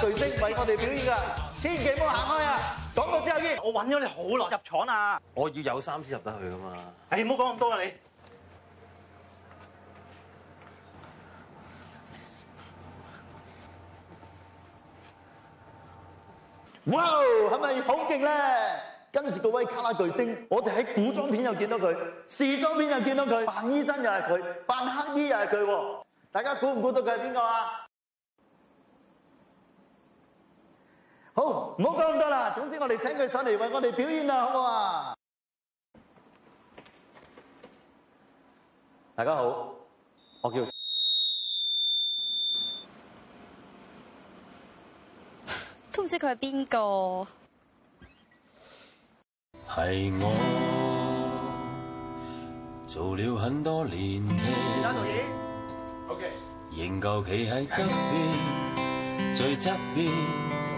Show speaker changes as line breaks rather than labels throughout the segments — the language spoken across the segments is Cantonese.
巨星為我哋表演噶，千祈唔好行開啊！講到之後先，我揾咗你好耐入廠啊！我要有衫先入得去噶嘛！誒、哎，唔好講咁多啦你。哇！係咪好勁咧？跟住個位卡拉巨星，我哋喺古裝片又見到佢，時裝片又見到佢，扮醫生又係佢，扮黑衣又係佢喎！大家估唔估到佢係邊個啊？好，唔好講咁多啦。總之我哋請佢上嚟為我哋表演啦，好唔好啊？大家好，我叫都唔知佢係邊個。係我做了很多年嘅，有導演，OK，仍舊企喺側邊，最側邊。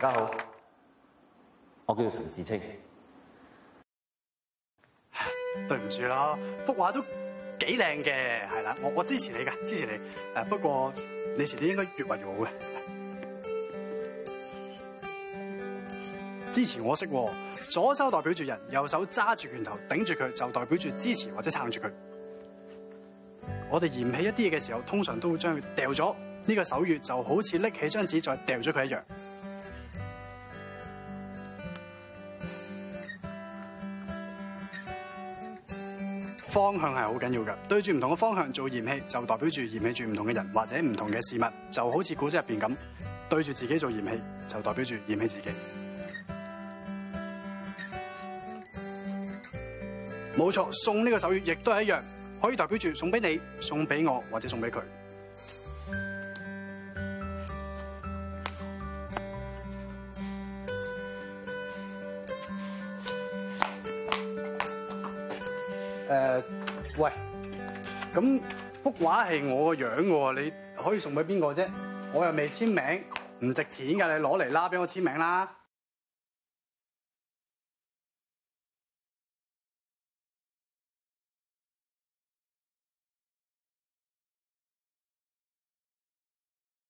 大家好，我叫做陳志清。對唔住啦，幅畫都幾靚嘅，係啦，我我支持你噶，支持你。誒，不過你遲啲應該越畫越好嘅。支持，我識左手代表住人，右手揸住拳頭頂住佢，就代表住支持或者撐住佢。我哋嫌棄一啲嘢嘅時候，通常都會將佢掉咗。呢個手語，就好似拎起張紙再掉咗佢一樣。方向係好緊要㗎，對住唔同嘅方向做嫌棄，就代表住嫌棄住唔同嘅人或者唔同嘅事物，就好似古仔入邊咁，對住自己做嫌棄，就代表住嫌棄自己。冇錯，送呢個手語亦都係一樣，可以代表住送俾你、送俾我或者送俾佢。誒、呃，喂，咁幅畫係我個樣嘅喎，你可以送俾邊個啫？我又未簽名，唔值錢㗎，你攞嚟啦，畀我簽名啦。